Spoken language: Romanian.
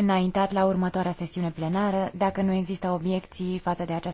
înaintat la următoarea sesiune plenară, dacă nu există obiecții față de această